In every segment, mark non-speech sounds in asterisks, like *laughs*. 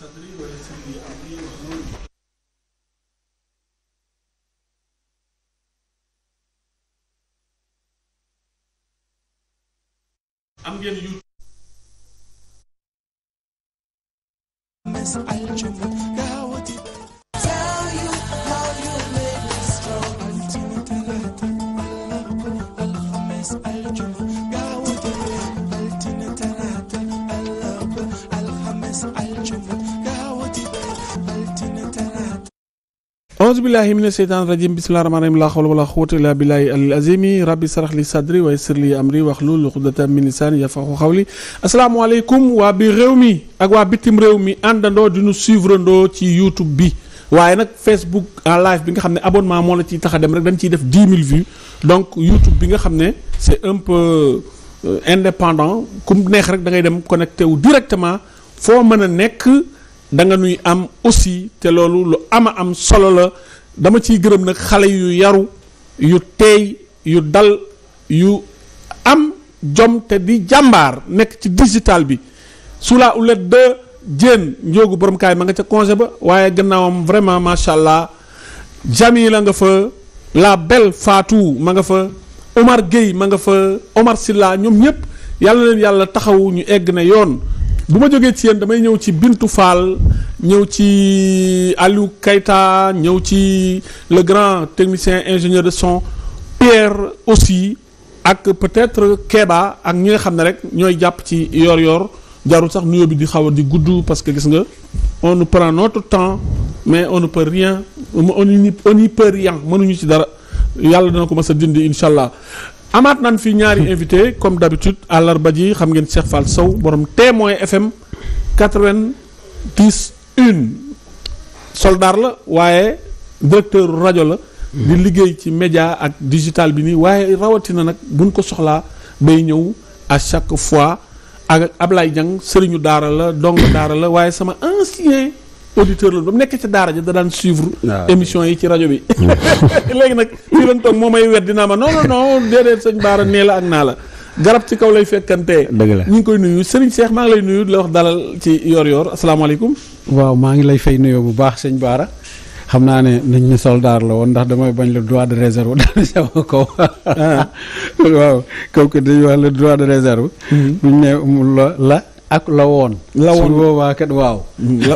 sadri wa yassir li amri wahlul am ngeen YouTube aousubillahi mina seytaan rajim bismillahi rahmaani rahim laa xawla wala wa yassir li amri waxlul xudata min yafaxu xawli asalaamaaleykum waa biir réew mi ak waa bitim réew mi àndandoo di ñu suivre ndoo ci youtube bi waaye nag facebook en live bi nga xam ne abonnement moo la ciy tax a dem rek dañ ciy def 10 000 vues donc bi nga xam ne c'est un peu euh, indépendant ku neex rek da ngay dem connecté wu directement foo mën a nekk da nga nuy am aussi te loolu lu ama am solo la dama ciy gërëm nag xale yu yaru yu teey yu dal yu am jom te di jàmbaar nekk ci digital bi sous la houlette de Diène Ndiogou borom ma nga ca congé ba waaye gannaawam vraiment macha allah Jamila nga fa la belle faatu ma nga fa Omar Gueye ma nga fa Omar Silla ñoom ñëpp yàlla leen yàlla taxawu ñu egg na yoon. bu ma jógee ci damay ñëw ci Bintu Fall ñëw ci Aliou Keita ñëw ci le grand technicien ingénieur de son Pierre aussi ak peut-être Keba ak ñi nga xam ne rek ñooy jàpp ci yoor yor jarul sax nuyoo bi di xaw a di gudd parce que gis nga on nous prend notre temps mais on ne peut rien on n'y peut rien mënuñu ci dara yàlla dana ko mës a dindi incha allah. amaat nan fi ñaari invité comme d'habitude àllarba ji xam ngeen Cheikh Fall Sow borom témoin FM quatre-vingt-dix une soldaar la waaye directeur rajo la. di liggéey ci média ak digital bi nii waaye rawatina nag buñ ko soxlaa bay ñëw à chaque fois ak Ablaye Diang sëriñu daara la dong daara la waaye sama ancien. auditeur la ba mu nekk ci daara ja da daan suivre ah, émission yi ci rajo bi mm. *laughs* léegi nag fii lañ toog moo may wet dinaa ma non non non déedéet sëñ Baara nee la ak naa la garab ci kaw lay fekkante dëgg la ñu ngi koy nuyu Serigne Cheikh maa ngi lay nuyu la wax dalal ci yoor yoor asalaamaaleykum waaw maa ngi lay fay nuyoo bu baax sëñ Baara xam naa ne nañ ñu soldaar la woon ndax damay bañ le droit de réserve daal sama kaw waaw kaw ko dañuy wax le droit de réserve buñ mm-hmm. ne la ak lawoon. lawoon la boobaa kat waaw.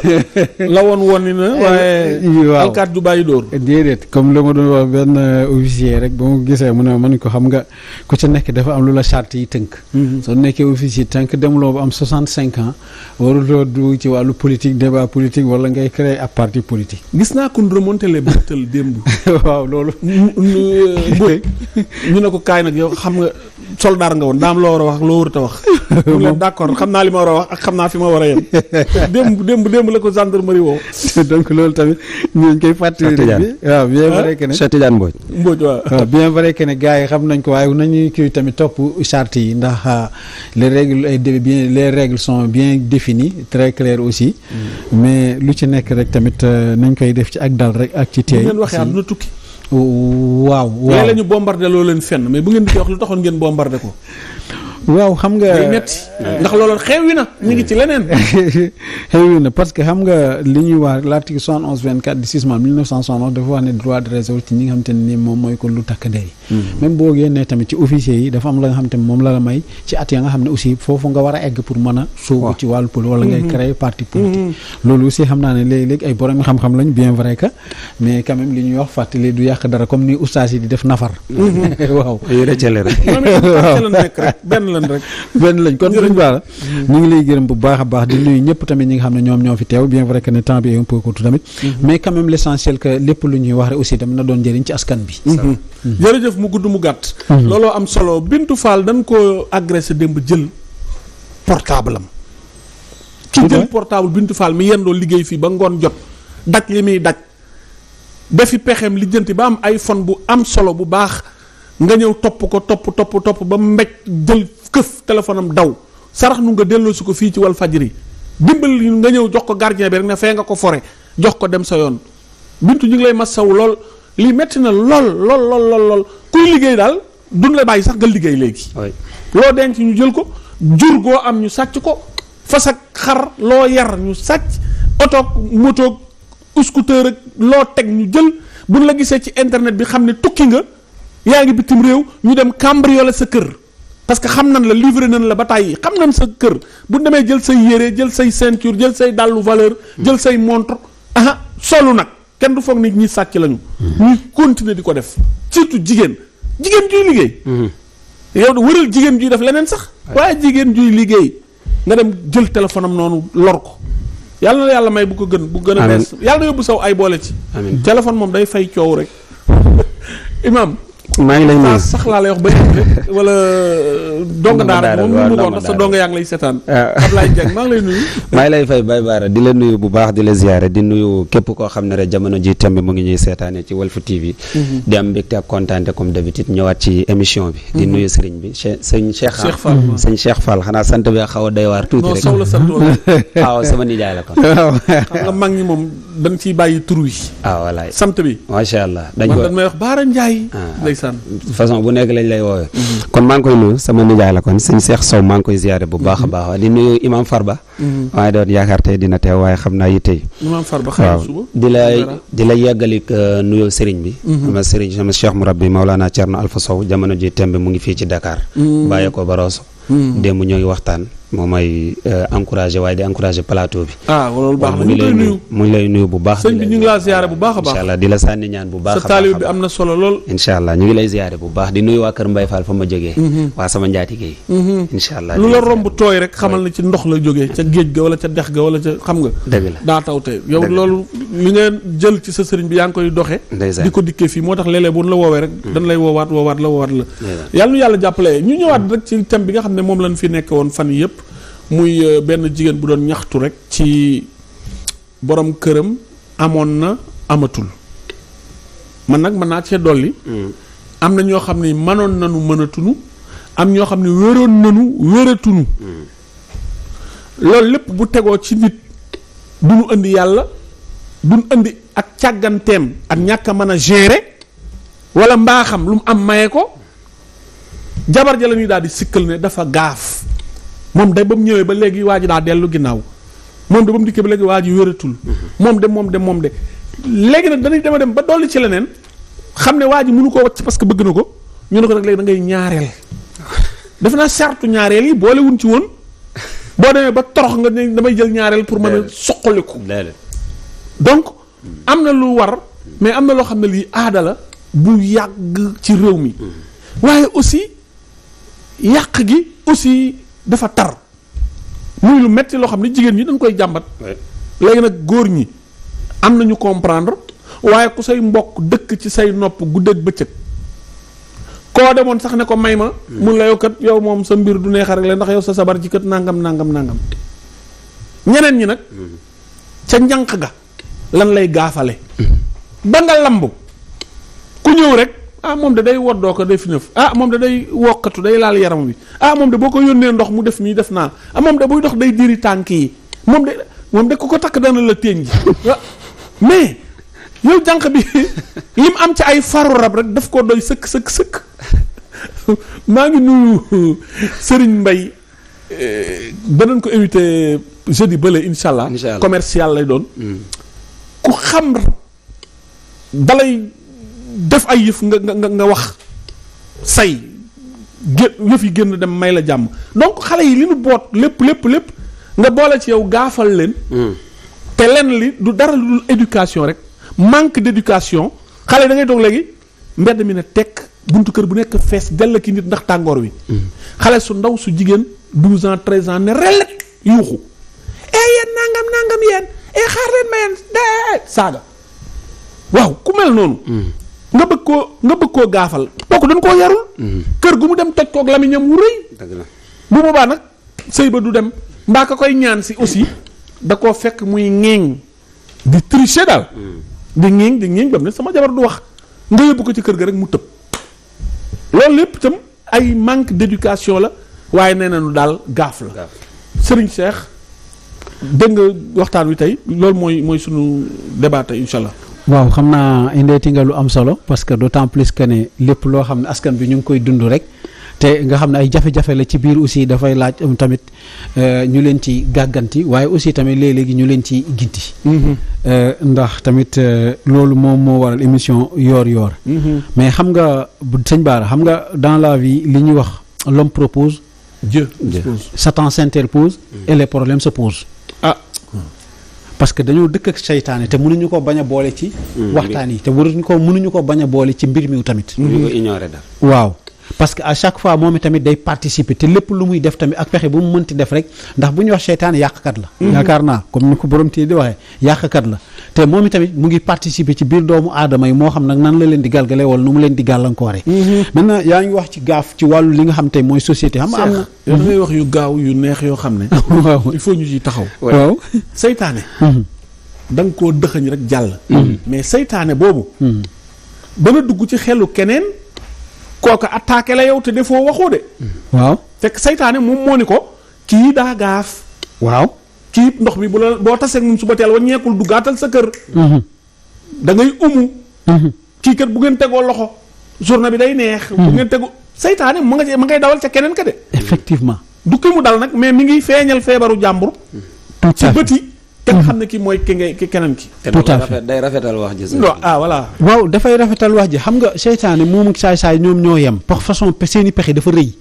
*laughs* lawoon woon na waaye. waaw alkaat du bàyyi dóor. déedéet comme la ma doon wax benn euh, officier rek ba mu gisee mu ne man ko xam nga ko ci nekk dafa am lu la charte yi tënk. Mhm. soo nekkee officier tànk demuloo ba am 65 ans waruloo dugg ci wàllu politique débat politique wala ngay créer ab parti politique. gis naa kun remonté les bretelles *laughs* démb. waaw loolu. Euh, *laughs* ñu ne ko kaay nag yow xam nga soldaar nga woon daam loo war a wax loo warut a war ak xam naa fi ma war a yem *laughs* démb démb démb la ko gendarmerie woo *laughs* donc loolu tamit ñu koy fàttali bi waaw bien vrai ah, que ne Cheikh Tidiane Mbodj Mbodj ah, yi xam nañ ko waaye nañu kii tamit topp charte yi ndax ah, les règles ay bien les règles sont bien définies très claires aussi mm. mais lu ci nekk rek tamit euh, nañ koy def ci ak dal rek ak ci teey waxee am na tukki waaw waaw lañu bombardé loo leen fenn mais bu ngeen di wax lu taxoon ngeen bombardé ko waaw xam nga day metti *laughs* ndax na ñu ngi ci leneen. *laughs* xewi na parce que xam nga li ñuy wax l' article soixante onze vingt quatre du six dafa wax ne droit de réserve ci ñi nga xam te ne moom mooy kon lu takk der yi. Hmm. même boo génnee tamit ci officier yi dafa am la nga xam te moom la la may ci at ya nga xam ne aussi foofu nga war a egg pour mën a. ci wàllu politique wala ngay hmm. créer parti hmm. politique. loolu aussi xam naa ne léegi-léegi ay borom xam-xam lañ bien vrai que mais quand même li ñuy wax *laughs* lan rek *laughs* benn lañ kon suñu baax ñu ngi lay gërëm bu baax a baax di nuyu ñëpp tamit ñi nga xam ne ñoom ñoo fi teew bien vrai que ne temps bi est un peu court tamit mhm. mais quand même l' essentiel que lépp lu ñuy wax rek aussi tamit na doon njëriñ ci askan bi mhm. mhm. jërëjëf mu gudd mu gàtt looloo am solo Bintu Fall dañ ko agressé démb jël portable ki jël portable Bintu Fall mi yendoo liggéey fii ba ngoon jot daj li muy daj dafi pexeem lijjanti ba am iPhone bu am solo bu baax nga ñëw topp ko topp topp topp ba mbéj jël këf téléphone am daw sarax nu nga delloo si ko fii ci wal fajri dimbali nga ñëw jox ko gardien bi rek ne fee nga ko fore jox ko dem sa yoon bintu ñu ngi lay masawu lool lii métti na lool lool lool lool lool kuy liggéey daal duñ la bàyyi sax nga liggéey léegi. loo denc ñu jël ko jur goo am ñu sàcc ko fas ak xar loo yar ñu sàcc otoog motoog scooter ak loo teg ñu jël buñ la gisee ci internet bi xam ne tukki nga yaa ngi bitim réew ñu dem cambrioler sa kër. parce que xam nañ la livré nañ la ba tàyyi xam nan sa kër bu demee jël say yére jël say ceinture jël say dàllu valeur jël say montre aha solu nag kenn du foog nit ñi sàcc lañu hmm. ñuy continuer di ko def surtout jigéen jigéen juy liggéey hmm. yow wëral jigéen juy def leneen sax waaye jigéen juy liggéey nga dem jël téléphone am noonu lor ko yàlla na yàlla may bu ko gën bu gën a bees yàlla na yóbbu saw ay boole ci téléphone moom day fay coow rek *laughs* maa ngi lay nuyu sax laa lay wax ba wala euh, donga daara moom sa donga ah. *laughs* maa ngi lay fay Baye Bara di la nuyu bu baax di la ziyaare di nuyu képp koo xam ne rek jamono ji tembe mu ngi ñuy seetaanee ci Walf TV mm-hmm. di am mbégte ak kontaante comme d'habitude ñëwaat ci émission bi di mm-hmm. nuyu sëriñ bi sëñ Cheikh Fall sëñ Cheikh Fall xanaa sant bi xaw a doy waar tout rek sow la santoon *laughs* waaw sama nijaay la kon *laughs* xam nga mag ñi moom dañ ciy bàyyi tur wi ah, bi macha allah dañ ko dañ may wax Baara Ndiaye ah, façon bu nekk lañ lay woowee kon maa ngi koy nuyu sama nijaay la kon sëñ Cheikh Sow maa ngi koy ziyaare bu baax a baax di nuyu Imam Farba waaye mhm. doon yaakaar tey dina teew waaye xam naa yitte yi di la di la yàggalik euh, nuyoo sëriñ bi sama mhm. sëriñ sama Cheikh Mourabbi Maulana Thierno Alpha Sow jamono ji tembe mu ngi fii ci Dakar mhm. bàyyi ko Baroso démb ñoo ngi waxtaan moom mooy euh, encouragé waaye di encouragé plateau bi. ah loolu baax na ñu lay ngi lay nuyu bu baax. sëñ bi ñu ngi laa ziare bu baax a baax di la sànni ñaan bu baax a baax sa taalib bi am ngi lay ziare bu baax di nuyu waa Kër Mbaye Fall fa ma jógee. Mm-hmm. waa sama njaatige yi. Mm-hmm. incha allah la romb tooy rek xamal na ci ndox la jógee ca géej ga wala ca dex ga wala ca xam nga. dëgg la daa taw tey yow loolu li nga jël ci sa sëriñ bi yaa ngi koy doxee. di ko dikkee fii moo tax léeg-léeg bu la woowee rek. Mm. dañ lay woowaat woowaat la woowaat la. yàlla nu yàlla jàppale ñu ñëwaat rek ci nga xam ne moom lañ fi nekk woon fan yëpp muy euh, benn jigéen bu doon ñaxtu rek ci boroom këram amoon na amatul man nag man naa cee dolli. Mm. am na ñoo xam ne mënoon nañu mënatunu am ñoo xam ne wéroon nañu wératunu mm. loolu lépp bu tegoo ci nit du nu indi yàlla du indi ak càgganteem ak ñàkk a mën a gérer wala mbaaxam lu mu am maye ko jabar ja la ñuy daal di sikkal ne dafa gaaf. moom day ba mu ñëwee ba léegi waaju daa dellu ginnaaw moom de ba mu dikkee ba léegi waa ji wératul mhm. moom de moom de moom de léegi nag dañuy dem a dem ba dolli ci leneen xam ne waa ji mënu ko wacc parce que bëgg na ko ñu ne ko nag léegi da ngay ñaareel def naa sartu ñaareel yi boole wuñ ci woon boo demee ba torox nga ne damay jël ñaareel pour mën a soqaliku donc am na lu war mais am na loo xam ne lii aadala la bu yàgg ci réew mi mhm. waaye aussi yàq gi aussi dafa tar muy lu metti loo xam ne jigéen ñi dañ koy jàmbat léegi nag góor ñi am nañu comprendre waaye ku say mbokk dëkk ci say nopp guddeeg bëccëg koo demoon sax ne ko may ma hmm. mun la yow kat yow moom sa mbir du neex la ndax yow sa sabar ji kat nangam nangam nangam ñeneen ñi nag hmm. ca njànq ga lan lay gaafale hmm. ba nga lamb ku ñëw rek ah moom da day woddoo ko def nëf ah moom da day wokkatu day laal yaram wi ah moom de boo ko yónnee ndox mu def nii def naa ah, moom da buy dox day diri tànk yi moom de moom da ku ko takk dana la téen ji *laughs* ah, mais yow jànq bi *laughs* lim am ci ay faru rab rek daf ko doy sëkk sëkk sëkk *laughs* maa ngi nuyu Serigne Mbaye eh, danañ ko invité jeudi bële incha allah commercial lay doon mm. ku xam dalay def ay yëf nga nga nga wax say gé yëf yi génn dem may la jàmm donc xale yi li nu boot lépp lépp lépp nga boole ci yow gaafal leen. Hmm. te lenn li du dara lu éducation rek manque d' éducation xale yi da ngay toog léegi mbedd mi ne tekk buntu kër bu nekk fees dell ki nit ndax tàngoor wi. Hmm. xale su ndaw su jigéen 12 ans 13 ans ne rel yuuxu. eh yéen nangam nangam yéen eh xaar leen ma yéen eh, eh, eh, saaga waaw ku mel noonu. Hmm. nga bëgg koo nga bëgg koo gaafal kooku dañ koo yarul. Mhm. kër gu mu dem toj koog lamiñam wu rëy. bu boobaa nag sëy ba du dem mbaa ka koy ñaan si aussi da ko fekk muy ŋeeñ di tricher daal. Mhm. di ngeen di ŋeeñ ba ne sama jabar du wax nga yóbbu ko ci kër gi rek mu tëb loolu lépp itam ay manque d'éducation la waaye nee nañu daal gaaf la. Serigne Cheikh dégg nga waxtaan wi tey loolu mooy mooy sunu débat tey waaw xam naa indeeti nga lu am solo parce que d'autant plus que ne lépp loo xam ne askan bi ñu ngi koy dund rek te nga xam ne ay jafe-jafe la ci biir aussi dafay laaj am um, tamit euh, ñu leen ci gàgganti waaye aussi tamit léeg-léegi ñu leen ci gindi mm-hmm. euh, ndax tamit euh, loolu moom moo waral émission yoor yoor mm-hmm. mais xam nga sëñ Bara xam nga dans la vie li ñu wax l'homme propose Dieu Satan s'interpose mm. et les problèmes se posent ah, parce que dañoo dëkk ak seytaane te mënuñu ko baña a boole ci mm, waxtaan yi te ñu ko mënuñu ko bañ a boole ci mbir mi tamit mm. waaw parce que à chaque fois moom tamit day participer te lépp lu muy def tamit ak pexe bu mu mënti def rek ndax bu ñu wax seytaane yàqkat la mm. yaakaar naa comme nu ko borom téye di waxee yàqkat la te moom itamit mu ngi participer ci biir doomu aadama yi moo xam nag nan la leen di galgale wala nu mu leen di gàllankoore mm-hmm. maintenant yaa ngi wax ci gaaf ci wàllu li nga xam tey mooy société xam am na mm-hmm. dafay wax yu gaaw yu neex yoo xam ne *laughs* waaw il faut ñu taxaw saytaane mm-hmm. da koo dëxañ rek jàll mais saytaane boobu ba nga dugg ci xelu keneen kooka attaqué la yow te defoo waxoo de waaw fekk seytaane moom moo ni ko kii daa gaaf waaw kii ndox bi bu la boo tasee moom suba teel waññeekul du gàttal sa kër. Mhm. da ngay umu. Mhm. kii kër bu ngeen tegoo loxo journée bi day neex. Mhm. bu ngeen tegoo seytaane mu nga ma ngay dawal ca keneen ka de. effectivement du ki mu dal nag mais mi ngi feeñal feebaru jàmbur. ci bëti te nga xam ne kii mooy ki ngay ki keneen ki. tout à fait day rafetal wax ji. ah voilà. waaw dafay rafetal wax ji xam nga saytaane moom ak saay saay ñoom ñoo yem par façon seeni pexe dafa rëy.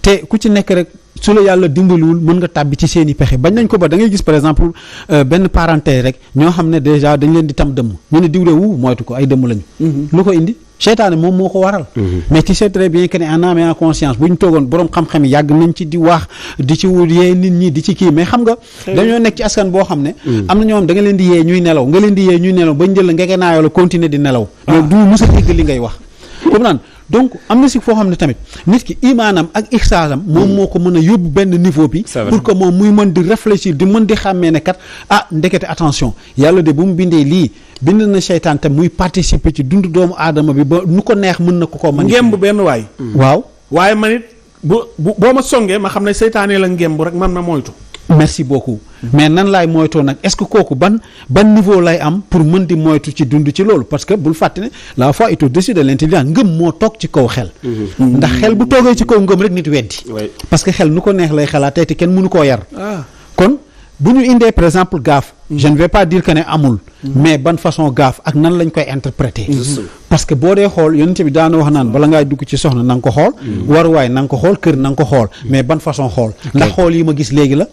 te nekk rek. su la yàlla dimbaliwul mën nga tàbbi ci seen i pexe bañ nañ ko ba da ngay gis par exemple euh, benn parenté rek ñoo xam ne déjà dañ leen di tam dëmm ñu ne diwle wu moytu ko ay dëmm lañu. Mhm. lu ko indi seytaane moom moo ko waral. Mhm. mais tu sais très bien que ne en âme et ñu toogoon borom xam-xam yàgg nañ ci di wax di ci wut yee nit ñi di ci kii mais xam nga. dañoo nekk ci askan boo xam ne. Mhm. am na ñoo xam da leen di yee ñuy nelaw nga leen di yee ñuy nelaw ba njël la ngege naa la continuer di nelaw. Ah. mais li ngay wax. donc am na si foo xam ne tamit nit ki imaanam ak ixsaasam moom hmm. moo ko mën a yóbbu benn niveau bi pour ko moom muy mën di réfléchir di mën di xàmmee ne kat ah ndekete attention yàlla de bu mu bindee lii bind na seytaan te muy participer ci dund doomu aadama bi ba nu ko neex mën na ko ko mën ngemb benn waay hmm. waaw waaye ma it bu boo ma songee ma xam ne seytaane la ngémb rek man na moytu merci beaucoup mais nan laay moytoo nag est-ce que kooku ban ban niveau lay am pour mën di moytu ci dund ci loolu parce que bul fàtte ne la foi est au-dessus de l'intelligence ngëm moo toog ci kaw xel mhm. ndax xel bu toogee ci kaw ngëm rek nit weddi parce que xel nu ko neex lay xalaatee te kenn mënu koo yar kon bu ñu indee par exemple gaaf je ne vais pas dire que ne amul mais ban façon gaaf ak nan lañ koy interpréter parce que boo dee xool yonent bi daana wax naan bala ngaay dugg ci soxna na nga ko xool mhm. waruwaay na nga ko xool kër na nga ko xool mhm. mais ban façon xool ndax xool yi ma gis léegi la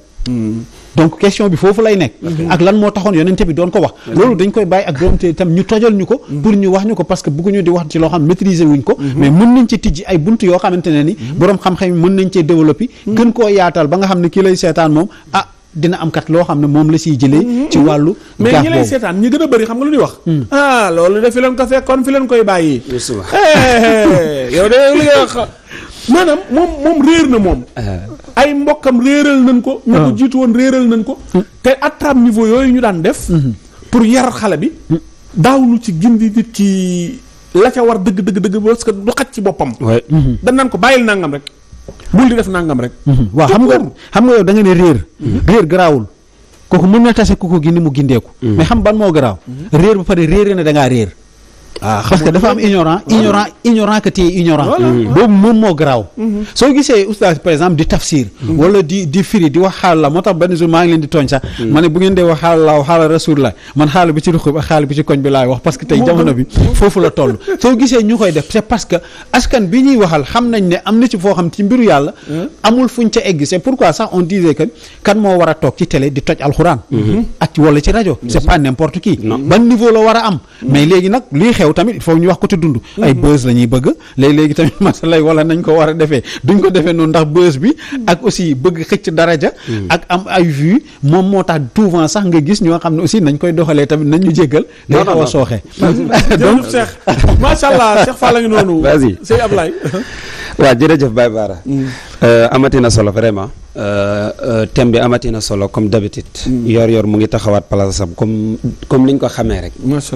donc question bi foofu lay nekk mhm. ak lan moo taxoon yonente bi doon ko wax loolu dañ koy bàyyi ak doomte itam ñu tojal ñu ko mhm. pour ñu wax ñu ko parce que bëgguñu di wax ci loo xam maîtriser wuñ ko mhm. mais mun nañ ci tijji ay bunt yoo xamante ne ni boroom xam-xam mën nañ cee développer gën koo yaatal ba nga xam ne kii lay seetaan moom ah dina am kat loo xam ne moom la siy jëlee ci wàllu mais ñi lay seetaan ñi gën a bëri xam nga lu wax hmm. ah loolu de fi leen ko fekkoon fi leen koy bàyyi eh, eh, yow de li nga *laughs* maanaam moom moom réer na moom ah. ay mbokkam réeral nañ ko ñu ko ah. jiitu woon réeral nañ ko hmm. te attrape niveau yooyu ñu daan def hmm. pour yar xale bi hmm. daawlu ci gindi nit ki la ca war dëgg dëgg dëgg parce que du xaj ci boppam dem naan ko bàyyil nangam rek bul di def nangam rek waaw xam nga xam nga yow da ne réer réer garaawul kooku mën na tase ku ko gindi mu gindee ko mais xam ban moo garaaw réer ba pare réere na da ngaa réer ah parce que dafa am ignorant ignorant ignorant mm. boobu moom moo garaaw mm-hmm. soo gisee oustaz par exemple di tafsir mm-hmm. wala di di firi di wax xaal la moo tax benn jour maa ngi leen di tooñ sax mm. ma ne bu ngeen dee wax xaal la xaala rasul la man xaala bi ci ruq bi ak wax parce tey jamono bi foofu la toll soo gisee ñu koy def c'est parce que askan bi ñuy waxal xam nañ ne am na ci foo xam ci mbiru yàlla mm. amul fuñ ca egg c'est pourquoi sax on disait que kan moo war a toog ci télé di toj alxuraan mm-hmm. ak wala rajo c'est pas n'importe qui ban niveau la war a am mais léegi nag luy xew tamit il faut ñu wax ko te dund mm-hmm. ay buzz lañuy ñuy bëgg léegi-léegi tamit lay *laughs* wala nañ ko war a defee duñ ko defee noonu ndax buzz bi mm-hmm. ak aussi bëgg xëcc daraja mm-hmm. ak am ay vue moom moo tax souvent sax nga gis ñoo xam ne aussi nañ koy doxalee tamit nañu ñu jéggal day xaw a sooxe *laughs* donc Cheikh allah Cheikh Fall la ngi noonu vas-y Sey *laughs* jërëjëf Baye Bara mm. euh, amati na solo vraiment Euh, euh, thème bi amati na solo comme d'habitude mm. yor yor mu ngi taxawaat place am comme comme ñu ko xamee rek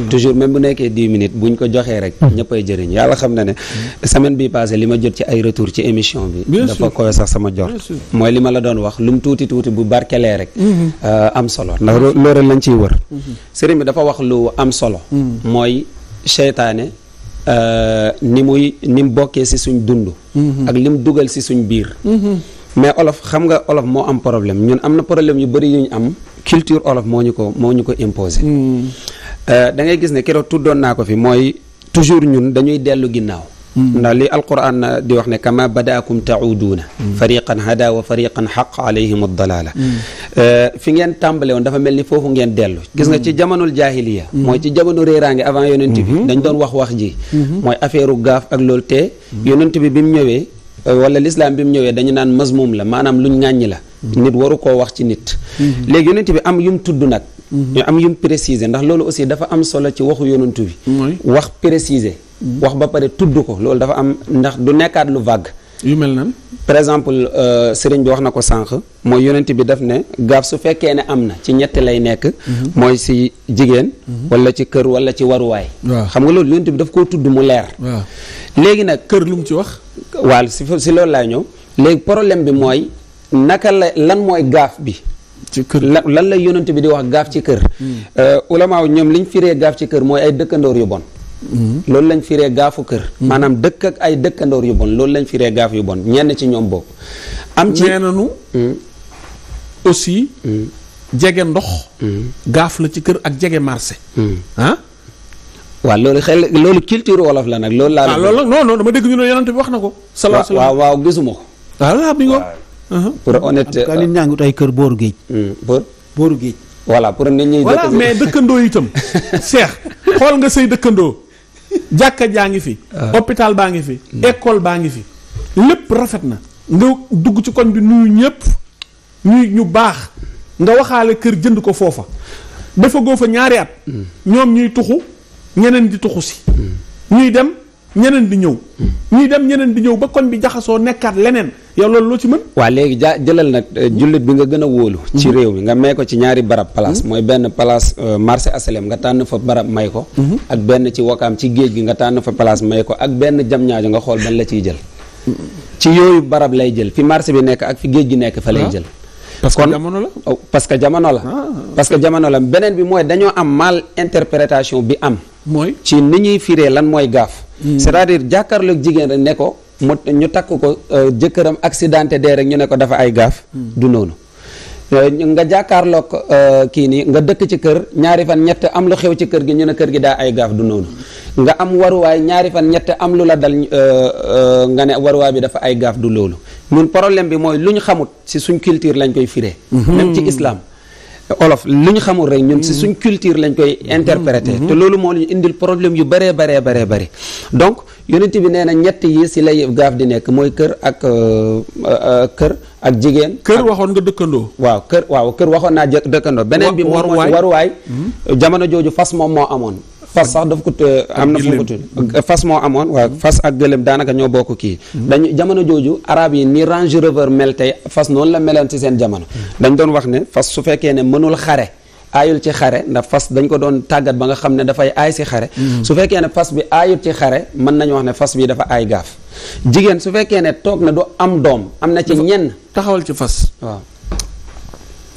toujours même bu nekkee dix minutes buñ ko joxee rek mm. ñëppay jëriñ yàlla xam na ne mm. semaine bi passé li ma jot ci ay retour ci émission bi dafa koy sax sama jot mooy li ma la doon wax lu mu tuuti tuuti bu barkelee rek mm-hmm. euh, am solo ndax loolu lañ ciy wër mm-hmm. sëriñ bi dafa wax lu am solo mooy seytaane ni muy ni mu bokkee si suñ dund mm-hmm. ak li mu dugal si suñ biir mais olof xam nga olof moo am problème ñun am na problème yu bëri yu am culture olof moo ñu ko moo ñu ko imposé. Hmm. Euh, da ngay gis ne keroog tuddoon naa ko fi mooy toujours ñun dañuy dellu ginnaaw. Hmm. ndax li na di wax ne kama badaakum tauduuna hmm. fariqan hada wa fariqan xaq alayhim addalaala euh, fi ngeen tàmbale woon dafa mel ni foofu ngeen dellu gis nga ci jamonul jaahiliya mooy ci jamono réeraange avant yonent bi dañ doon wax wax ji mooy affaire u gaaf ak loolu te yonent bi bi mu ñëwee wala lislaam bi mu ñëwee dañu naan mazmum la maanaam luñ ŋàññi la mhm. nit waru koo wax ci nit mhm. léegi yonent bi am yum tudd nag ñu mhm. am yum préciser ndax loolu aussi dafa am solo ci waxu yonent bi wax préciser wax ba pare tudd ko loolu dafa am ndax du nekkaat lu vague yu mel na par exemple euh, sëriñ bi wax na ko sànq mooy yonent bi daf ne gaaf su fekkee ne am na ci ñett lay nekk mhm. mooy si jigéen mhm. wala ci kër wala ci waruwaay xam nga loolu yonent bi daf koo tudd mu leer léegi nag kër lu mu ci wax waaw si si loolu laay ñëw léegi problème bi mooy naka la lan mooy gaaf bi ci kër lan la yonent bi di wax gaaf ci kër mhm. euh, ulamaaw ñoom liñ firee gaaf ci kër mooy ay dëkkandoor yu bon loolu lañ firee gaafu kër maanaam dëkk ak ay dëkkandoor yu bon loolu lañ firee gaaf yu bon ñenn ci ñoom bokk am ci nee nañu aussi jege ndox gaaf la ci kër ak jege marché ah waaw loolu xel loolu culture wolof la nag loolu laa ah, la loolu nag non non dama dégg ñu ne yonent bi wax na ko salaa salaam waaw waaw gisuma ko voilà bi nga pour honnête kër booru géej hmm, pour booru géej pour nit ñi dëkkandoo itam *laughs* Cheikh xool nga say dëkkandoo jàkka jaa ngi fi. Ah. hôpital baa ngi fi. Hmm. école baa ngi fi. lépp rafet na nga dugg ci koñ bi nuyu ñëpp ñuy ñu baax nga waxaale kër jënd ko foofa dafa goo fa ñaari at. Hmm. ñoom ñuy tuxu ñeneen di tuxu si. Hmm. ñuy dem. ñeneen bi ñëw. ñuy dem ñeneen bi ñëw ba kon bi jaxasoo nekkaat leneen yow loolu loo ci mën. waa léegi jaa jëlal nag euh, jullit bi nga gën a wóolu. Mm-hmm. ci réew mi nga may ko ci ñaari barab place. Mm-hmm. mooy benn place euh, marché asalem nga tànn fa barab may ko. Mm-hmm. ak benn ci wakaam ci géej gi nga tànn fa place may ko ak benn jam ñaajo nga xool ban la ciy jël. ci yooyu barab lay jël fi marché bi nekk ak fi géej gi nekk fa lay ah. jël. Oh, parce que jamono la parce que jamono la. parce que jamono la beneen bi mooy dañoo am mal interprétation bi am. mooy ci ni ñuy firee lan mooy gaaf. Hmm. c'est-à-dire jigéen rek ne ko mu ñu takk ko euh, jëkkëram accidenté dee rek ñu ne ko dafa ay gaaf. Hmm. du noonu. Euh, nga jàkkaarloog euh, kii nii nga dëkk ci kër ñaari fan ñett am lu xew ci kër gi ñu ne kër gi daa ay gaaf du noonu nga am waruwaay ñaari fan ñett am lu la dal nga ne waruwaay bi dafa ay gaaf du loolu ñun problème bi mooy lu ñu xamut si suñ culture lañ koy firee. Hmm. même ci islam. olof lu ñu xamul rek ñun si mm. suñ culture lañ koy mm-hmm. interpréter mm-hmm. te loolu moo ñu indil problème yu bëree baree baree bëri donc yonent bi nee na ñett yi si lay gaaf di nekk mooy kër ak euh, euh, kër ak jigéen kër waxoon nga dëkkandoo waaw kër waaw kër waxoon naa dëkkandoo beneen bi moom mooy waruwaay mm-hmm. jamono jooju fas moom moo amoon fas sax daf ko am na fas moo amoon waaw fas ak gëléem daanaka ñoo bokk kii mm-hmm. dañu jamono jooju arab yi ni range rover mel tey fas noonu la meloon ci seen jamono mm-hmm. dañ doon wax ne fas su fekkee ne mënul xare aayul ci xare ndax fas dañ ko doon tàggat ba nga xam ne dafay aay si xare mm-hmm. su fekkee ne fas bi aayut ci xare mën nañu wax ne fas bi dafa aay gaaf jigéen su fekkee ne toog na du am doom am na ci ñenn taxawal ci fas waaw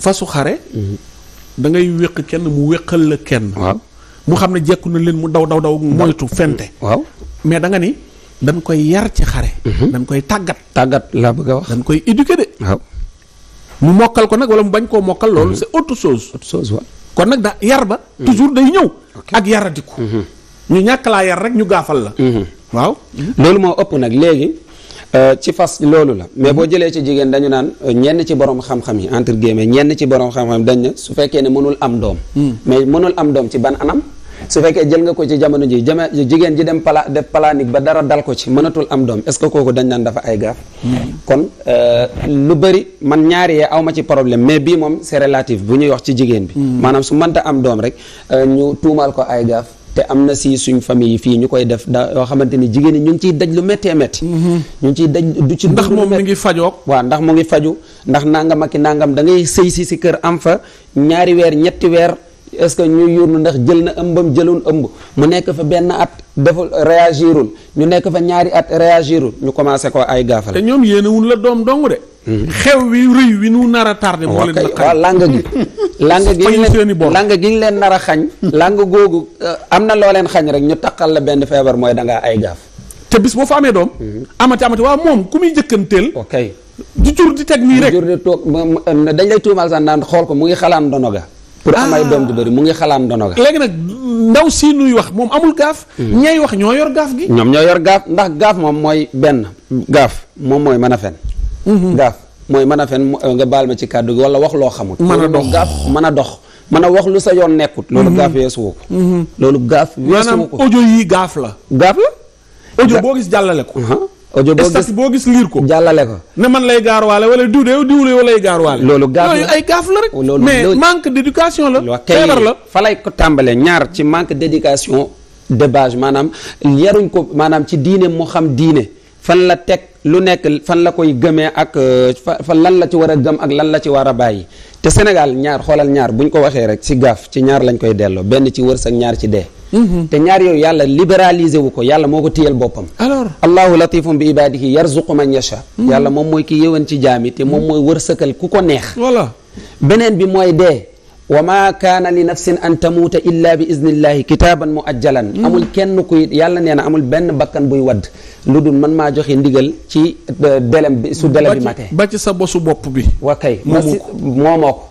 fasu xare da ngay wéq kenn mu wéqal la kenn mu xam ne jekku na leen mu daw daw daw moytu fente waaw mais danga nga ni dañ koy yar ci xare mhm. dañ koy tàggat tàggat la bëgg a wax dañ koy éduquer de mu mokkal ko nag wala mu bañ koo mokkal loolu mhm. c'est autre chose autre chose waaw kon nag da yar ba mhm. toujours day ñëw ak yaradiku ñu ñàkk laa yar rek ñu gaafal la waaw loolu moo ëpp nag léegi euh, ci fas loolu la mais boo jëlee ci jigéen dañu naan euh, ñenn ci borom xam-xam yi entre guillemets ñenn ci borom xam-xam dañ ne su fekkee ne mënul am doom mais mënul am doom ci ban anam su fekkee jël nga ko ci jamono ji jame jigéen ji dem pala def planique ba dara dal ko ci mënatul am doom est-ce que kooku dañ naan dafa ay gaaf kon euh, lu bëri man ñaari yee aw ma ci problème mais bii moom c'est relatif bu ñuy wax ci jigéen bi hmm. maanaam su manta am doom rek euh, ñu tuumaal ko ay gaaf te am na si suñ famille yi fii ñu koy def da yoo xamante ni jigéen ñi ñu ngi ciy daj lu méttee métti hmm. ñu ngi ciy daj du ci ndax moom mi ngi fajoog waa ndax mu ngi faju ndax nangam i nangam da ngay sëy si kër am fa ñaari weer ñetti weer est ce que ñuy yurnu ndax jël na ëmbam jëloon ëmb mu nekk fa benn at deful réagirul ñu nekk fa ñaari at réagirul ñu commencé ko ay gaafal. te ñoom yéenewul la doom dong de. Hmm. xew wi ruy wi nu nara a tardé. moo leen waaw lang gi. lang *laughs* gi ñu leen lang gi leen nar a xañ. lang googu eh, am na loo leen xañ rek ñu taqal la benn feebar mooy da ngaa ay gaaf. te bis boo fa amee doom. Hmm. amati amati waaw moom ku muy njëkkanteel. ok di jur di teg nii rek. jur di dañ lay tuumal sax naan xool ko mu ngi xalaat ndono ga pour am ay ah. doom ju bëri mu ngi xalaat ndono ga léegi nag ndaw si nuy wax moom amul gaaf hmm. ñay wax ñoo yor gaaf gi ñoom ñoo yor gaaf ndax gaaf moom mooy benn gaaf moom mooy mën a fen hmm. gaaf mooy mën a fen nga baal ma ci kàddu wala wax loo xamul mën a dox gaaf mën a dox mën a wax lu sa yoon nekkut loolu hmm. gaaf weesuwu ko loolu gaaf weesuwu ko maanaam audio yi gaaf la gaaf la audio boo gis jàllale ko uh-huh. audio boo gis boo gis liir ko jàllale ko ne man lay gaarwaale wala diw de diw la lay gaarwaale loolu gaaf la ay gaaf la rek oh, loolu mais manque d'éducation la feebar la fa lay ko tàmbalee ñaar ci manque d'éducation de base maanaam yaruñ ko maanaam ci diine mu xam diine fan la teg lu nekk fan la koy gëmee ak euh, fa lan la ci war a gëm ak lan la ci war a bàyyi te Sénégal ñaar xoolal ñaar buñ ko waxee rek si gaaf ci ñaar lañ koy delloo benn ci wër wërsëg ñaar ci dee Mm-hmm. te ñaar yooyu yàlla libéraliser wu ko yàlla moo ko téyal boppam alors allahu latifum bi ibadihi yarzuqu man yasha mm-hmm. yàlla moom mooy ki yëwan ci jaami te moom mm-hmm. mooy wërsëkal ku ko neex voilà beneen bi mooy dee wa ma kaana li nafsin an tamuuta illa bi iznillahi kitaaban muajjalan amul kenn kuy yàlla nee na amul benn bakkan buy wadd lu dul man maa joxe ndigal ci delem euh, bi su dele bi ba ci sa bosu bopp bi wa kay ko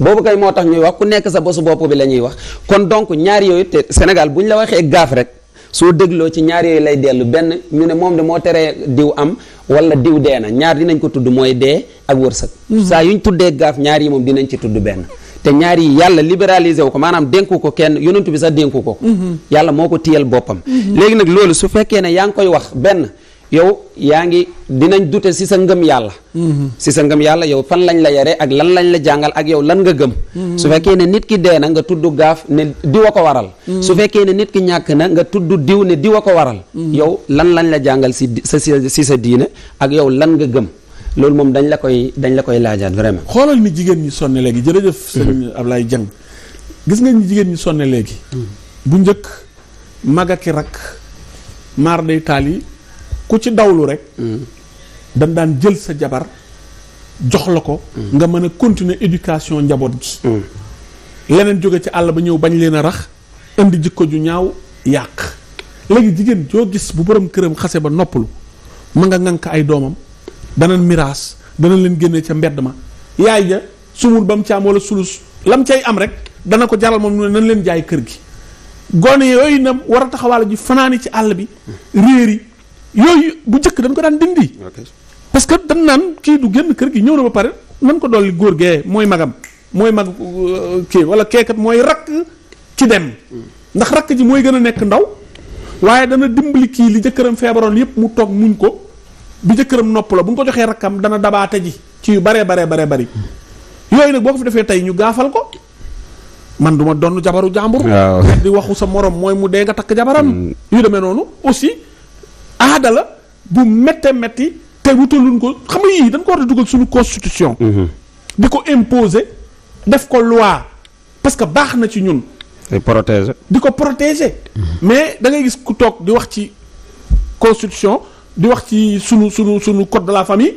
boobu kay moo tax ñuy wax ku nekk sa bosu bopp bi la ñuy wax kon donc ñaar yooyu te Sénégal bu ñu la waxee gaaf rek soo dégloo ci ñaar yooyu lay dellu benn ñu ne moom de moo teree diw am wala diw dee na ñaar dinañ ko tudd mooy dee ak wërsëg. Mhm. saa yu ñu tuddee gaaf ñaar yi moom dinañ ci tudd benn. te ñaar yi yàlla libéralisé wu ko maanaam dénku ko kenn yonentu bi sax dénku ko. Mhm. yàlla moo ko téyal boppam. Mhm. léegi nag loolu su fekkee ne yaa ngi koy wax benn. yow yaa ngi dinañ dute si sa ngëm yàlla mhm. si sa ngëm yàlla yow fan lañ la yare ak lan lañ la jàngal ak yow lan nga gëm mhm. su fekkee ne nit ki dee na nga tudd gaaf ne diw a ko waral mhm. su fekkee ne nit ki ñàkk na nga tudd diw ne diw a ko waral yow lan lañ la jàngal si sa si sa diine ak yow lan nga gëm loolu moom dañ la koy dañ la koy laajaat vraiment xoolal ni jigéen ñi sonne léegi jërëjëf sëriñ Ablaye Dieng gis nga ñi jigéen ñi sonne léegi bu njëkk mag ak i maar day ku ci dawlu rek mm. dañ daan jël sa jabar jox la ko mm. nga mën a continuer éducation njaboot gi mm. leneen jóge ci àll ba ñëw bañ leen a rax indi jikko ju ñaaw yàq léegi jigéen joo gis bu borom këram xase ba noppalu ma nga ŋànk ay doomam danañ miraas danañ leen génne ca mbedd ma yaay ja sumul ba mu ci am wala sulus lam cay am rek dana ko jaral moom ñu ne nañ leen jaay kër gi gone yooyu na war a taxawaale ji fanaani ci àll bi réer yi yooyu bu njëkk dañ ko daan dindi. parce que dañ naan kii du génn kër gi ñëw na ba pare nan ko dolli góor gee mooy magam mooy mag euh, kii wala keekat mooy rakk ci dem. Mm. ndax rakk ji mooy gën a nekk ndaw waaye dana dimbali kii li jëkkëram feebaroon yépp mu toog muñ ko bi jëkkëram nopp la bu ñu ko joxee rakkam dana dabaate ji ci yu baree baree baree bari yooyu nag boo ko fi defee tey ñu gaafal ko man duma donn jabaru jàmbur di waxu sa morom mooy mu dee takk jabaram mm. yu demee noonu aussi aada la bu métte métti te wutaluñ ko xam nga yii dañ ko war a dugal suñu constitution mhm. di ko imposer def ko loi parce que baax na ci ñun di di ko protéger mhm. mais dangay gis ku toog di wax ci constitution di wax ci sunu sunu sunu code de la famille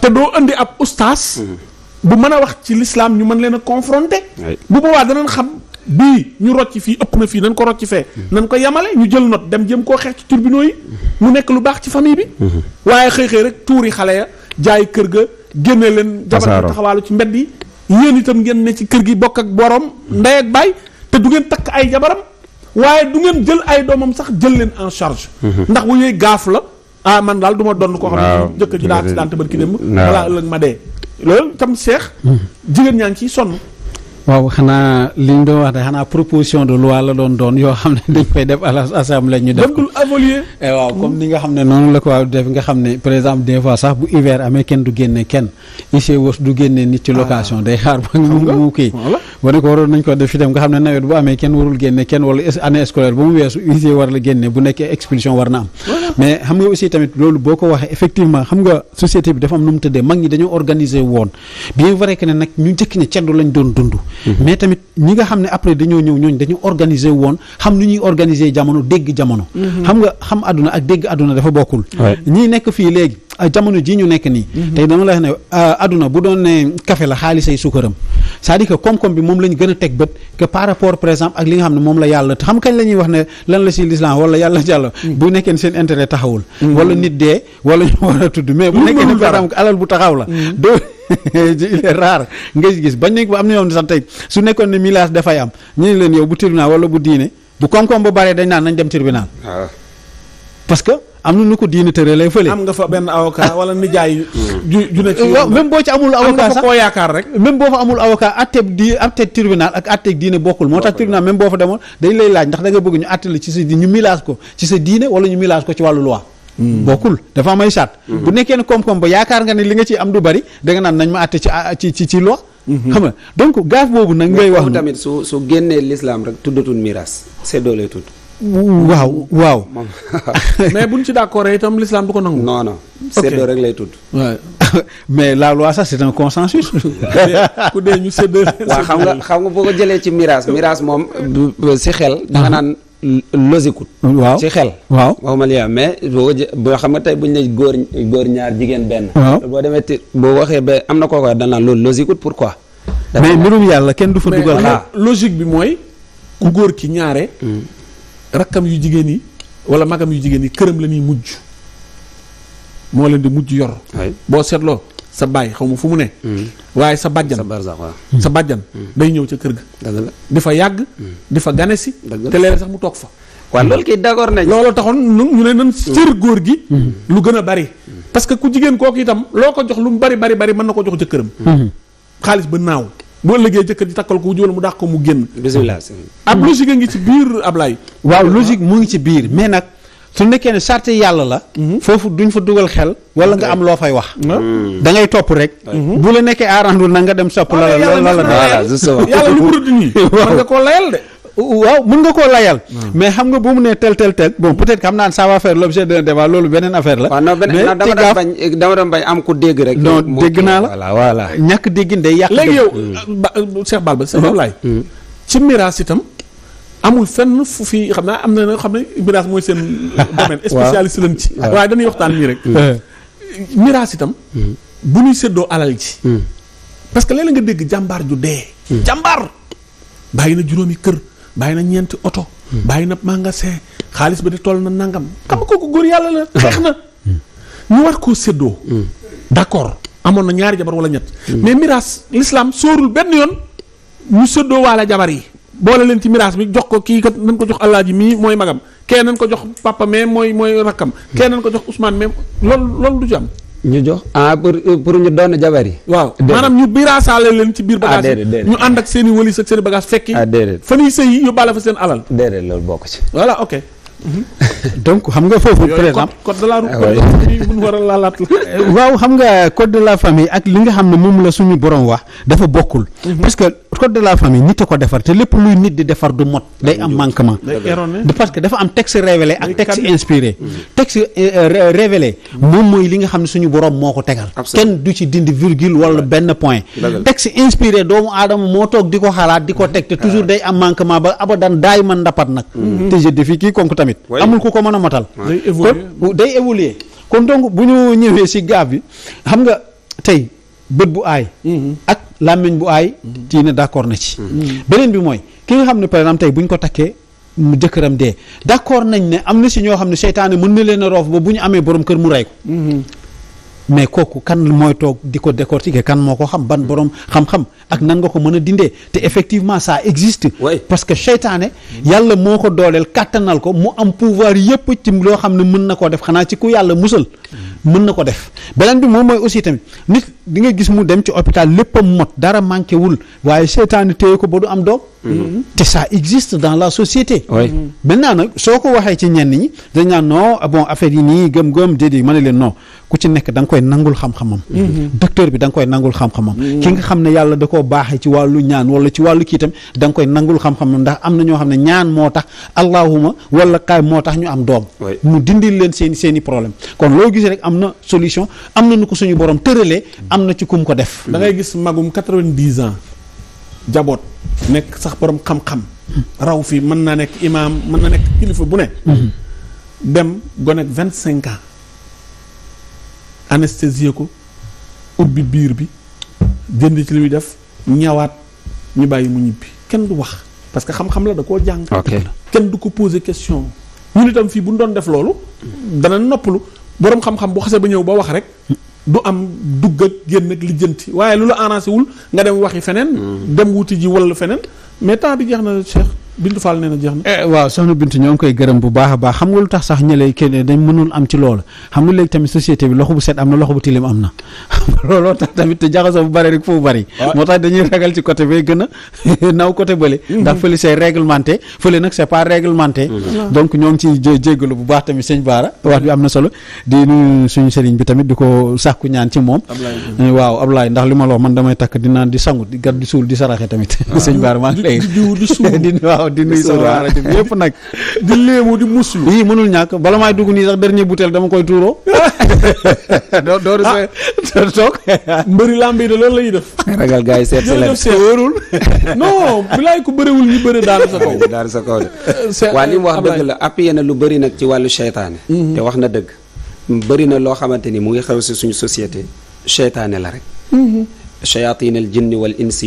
te doo indi ab ustaas mhm. bu mën a wax ci lislaam ñu mën leen a confronter bu boobaa danañ xam bii ñu rocc fii ëpp na fii nañ ko rocc fee hmm. nañ ko yamale ñu jël note dem jëm koo xeex ci tribunaux yi hmm. mu nekk lu baax ci famille bi hmm. waaye xëy xëy rek tuuri xale ya jaay kër ga génne leen jabar bi taxawaalu ci mbedd yi yéen itam ngeen ne ci kër gi bokk ak borom ndey ak baay te du ngeen takk ay jabaram waaye du ngeen jël ay doomam sax jël leen en charge ndax bu yooyu gaaf la ah man daal du ma donn ko xam ne jëkkër ji daa accident bërki dem balaa ëllëg ma dee loolu tam seex jigéen ñaa ngi ciy sonn waaw xanaa li ñu doon wax de xanaa proposition de loi la doon doon yoo xam ne *laughs* dañ koy def à l'assemblée ñu def ko eh waaw comme ni nga xam ne noonu la ko waaw def nga xam ne par exemple des fois sax bu hiver amee kenn du génne kenn ici wës du génne nit ci location ah. day xaar ba mu kii ba ne ko waroon nañ ko def fi dem nga xam ne nawet bu amee kenn warul génne kenn wala année scolaire bu mu weesu huissier war la génne bu nekkee expulsion war na am mais xam nga aussi tamit loolu boo ko waxee effectivement xam nga société bi dafa am nu mu tëddee mag ñi ne nag ñu njëkk ñi ceddu lañ doon dund mm-hmm. mais tamit ñi nga xam ne après dañoo ñëw ñooñ dañu organiser woon xam nu ñuy organiser jamono dégg jamono mm-hmm. xam nga xam àdduna ak dégg àdduna dafa bokkul ñi nekk fii léegi ah, jamono ji ñu nekk nii mm-hmm. tey dama la wax ne ah, àdduna bu doon ne café la xaalisay sukaram c'est-à-dire moom la ñu gën a teg bët que par rapport par exemple ak li nga xam ne moom la yàlla xam kañ la ñuy wax ne lan la si l'islam wala yàlla jàll mm. bu nekkee seen intérêt taxawul mm. wala nit dee wala ñu war a tudd mais bu mm. nekkee ne par la *laughs* doo *laughs* il est ngay gis bañ nekk ba am na yoon sax su nekkoon ne millage dafay am ñu ne leen yow bu tribunal wala bu diine bu koom-koom bu baree dañ naan nañ dem tribunal ah. parce am na nu ko diine tëree lay fële. am nga fa benn avocat wala nijaay. Mm. ju ju ne ci yoon même boo ci amul avocat sax am yaakaar rek. même boo fa amul avocat atteeb di atteeb tribunal ak atteeb diine bokkul moo tax tribunal même boo fa demoon dañ lay laaj ndax da nga bëgg ñu atte la ci si di ñu milaas ko ci sa diine wala ñu milaas ko ci wàllu loi. Mm. bokkul dafa am ay sart. Mm. bu nekkee ne koom-koom ba yaakaar nga ne li nga ci am du bari da naan nañ ma atte ci ci ci loi. Mm-hmm. xam nga donc gaaf boobu nag. ngay wax tamit su su génnee l'islam rek tuddatul miraas séddoolee tudd waaw waaw. *laughs* mais buñ ci d'accord itam l'islam du ko nangu. non non rek lay tudd. *laughs* mais la loi sax c'est un consensus. *laughs* ku dee ñu séddoo. waaw xam nga xam nga boo ko jëlee ci miraas miraas moom euh, si xel. danga uh-huh. naan losikut. waaw ci xel. waaw waxuma li ah, mais boo boo xam nga tey buñ ne góor góor ñaar jigéen benn. boo demee te boo waxee ba am na koo koy dañ naan loolu losikut pourquoi. mais mbirum yàlla kenn du fa dugal. logique bi mooy ku góor ki ñaare. Hmm. rakkam yu jigéen yi wala magam yu jigéen yi këram la ñuy mujj moo leen di mujj yor. boo seetloo sa baay xaw ma fu mu ne. Mm. waaye sa bàjjan sa mm. bàjjan mm. day ñëw ca kër ga. di fa yàgg. di fa gane si. te léeg sax mu toog fa. waaw loolu kay d'accord nañ. loolu taxoon ñu ne nan cër góor gi. lu gën a bari. parce que ku jigéen kooku itam loo ko jox lu mu bari bari bari mën na ko jox ca këram. xaalis ba naaw. boo liggéey jëkkër ji takkal ko wujj mu dàq ko mu génn. bisimilah. ab logique a ngi ci biir Ablaye. waaw logique mu ngi ci biir mais nag su nekkee ne charte yàlla la. Mhm. foofu duñ fa dugal xel. wala nga am loo fay wax. Ah. Hmm. da ngay topp rek. Mhm. bu la nekkee arrangul na nga dem sopp la la la la. voilà *laughs* nga koo layal de. waaw mun nga koo layal. mais xam nga bu mu nee tel tel tel bon peut-être xam naa ne ça va faire l'objet d'un débat loolu beneen affaire la. mais dama dama doon bañ am ku dégg rek. non dégg naa la voilà voilà. ñàkk déggin day yàq. léegi yow hmm. euh, ba euh, Cheikh Balba Cheikh uh-huh. Ablaye. Hmm. ci miraas itam. amul fenn fu fi xam naa am na nag xam ne miraas mooy seen domaine *laughs* spécialiste lañ ci waaye dañuy waxtaan nii rek miraas hmm. euh, itam bu ñuy séddoo alal ji parce que léeg nga dégg jàmbaar ju dee jàmbaar bàyyi na juróomi kër bàyyi na ñeenti oto. bàyyi na magasin xaalis ba di toll na nangam. xam góor yàlla la. xeex na ñu war koo seddoo d'accord amoon na ñaari jabar wala ñett. mais miraas l'islam sóorul benn yoon ñu séddoo waale jabar yi. boole leen ci miraas bi jox ko kii kat nañ ko jox ji mii mooy magam kee nañ ko jox papa mais mooy mooy rakkam. kee nañ ko jox usmaan mais loolu loolu du ci am. ñu jox ah pour pour ñu doon jabar yi. waaw maanaam ñu biraasaale leen ci biir. Ah, bagage ñu ànd ak seen i wëlis ak seen i bagage fekki. ah déedéet fa ñuy sëy yóbbaale fa seen alal. déedéet loolu bokk ci. voilà ok. *laughs* donc xam nga foofu par exemple code de la route ah, *laughs* waaw xam nga code de la famille ak li nga xam ne moom la suñu borom wax dafa bokkul mhm. code la famille nit ko defar te lépp luy nit di defar du mot day am manquement parce que dafa am texte révélé ak texte inspiré mm-hmm. texte euh, révélé moom mooy li nga xam ne suñu borom moo ko tegal kenn du ci dindi virgule wala benn point texte inspiré doomu aadama moo toog di ko xalaat di ko mm-hmm. teg te toujours day am manquement ba abadan daay man ndapat nag mm-hmm. te je fii kii konk tamit amul ku ko mën a motal day évoluer kon donc bu ñu ñëwee si gaaf bi xam nga tey bët bu aay mhm. ak làmmiñ bu aay ci mhm. ne d'accord na ci mhm. beneen bi mooy ki nga xam ne par exemple tey bu ñu ko takkee mu jëkkëram dee d'accord nañ ne am na si ñoo xam ne seytaane mën na leen a roof ba bu ñu amee boroom kër mu rey ko mais kooku kan mooy toog di ko décortiquer kan moo ko xam ban borom xam-xam ak nan nga ko mën a dindee te effectivement ça existe oui. parce que seytaane yàlla moo ko dooleel kàttanal ko mu am pouvoir yépp ci loo xam ne mën na koo def xanaa ci ku yàlla musal mën na ko def beneen bi moom mooy aussi tamit nit di nga gis mu dem ci hôpital léppam mot dara manqué wul waaye seetaani téye ko ba du am doom mm-hmm. te ça existe dans la société mm-hmm. maintenant nag soo ko waxee ci ñenn ñi dañ naan non ah bon affaire yi nii gëm-gëm déedéet ma ne leen non ku ci nekk da koy nangul xam-xamam mm-hmm. docteur bi danga koy nangul xam-xamam ki nga xam ne yàlla da koo baaxee ci wàllu ñaan wala ci wàllu kii tam da koy nangul xam-xamam ndax am na ñoo xam ne ñaan moo tax allahuma wala kaay moo tax ñu am doom mu dindi leen seen seeni problème kon loo gis rek am am na solution am na nu ko suñu boroom tëralee am na ci kum ko def da ngay gis magum quatre-vingt-dix ans jaboot nekk sax boroom xam-xam raw fii mën naa nekk imaam mën na nekk kilifa bu ne dem gonek vingt cinq ans anesthésier ko ubbi biir bi jënd ci li muy def ñawaat ñu bàyyi mu ñibbi kenn du wax parce que xam-xam la da koo jàng kenn du ko poser question ñun itam fii bu ñu doon def loolu dana noppalu boroom xam-xam bu xasee ba ñëw ba wax rek du am dugg ak génn ak lijjanti waaye lu la arrangé wul nga dem waxi feneen. Mm. dem wuti ji wala feneen mais temps bi jeex na Cheikh. Bintu Fall nee na jeex na. Eh, waaw soxna Bintu ñoo ngi koy gërëm bu baax a baax xam nga lu tax sax ñële kenn dañ mënul am ci loolu xam nga léegi tamit société bi loxo bu set am na loxo bu tilim am na *laughs* looloo tax tamit te jaxasoo bu bari rek foofu bari. moo tax dañuy ragal ci côté bee gën a *laughs* naw côté bële. Mm-hmm. ndax fële c'est réglementé fële nag c'est par réglementé. Mm-hmm. donc ñoo ngi ciy jé jéggalu bu baax tamit sëñ Baara mm-hmm. wax bi am na solo di nuyu suñ sëriñ bi tamit di ko sàkku ñaan ci moom. Eh, waaw Ablaye ndax li ma la man damay takk di naan di sangu di gat di suul di saraxe tamit ah. *laughs* sëñ Baara maa waaw di nuyu sama waa rajo bi yëpp nag di léemu di muslu yii mënul ñàkk bala maay dugg nii sax dernier bouteille dama koy tuuroo *laughs* doo doo ah. doo toog mbëri làmb yi de loolu la def *laughs* ragal gars yi seet si leen seet wóorul *laughs* non bilaay ku bëriwul ñu bëri daanu sa kaw daanu de euh, waa li mu wax dëgg la appuyé na lu bëri nag ci wàllu seytaane mm-hmm. te wax na dëgg bëri na loo xamante ni mu ngi xew si suñu société seytaane la rek mm-hmm. shayatin jinni wal insi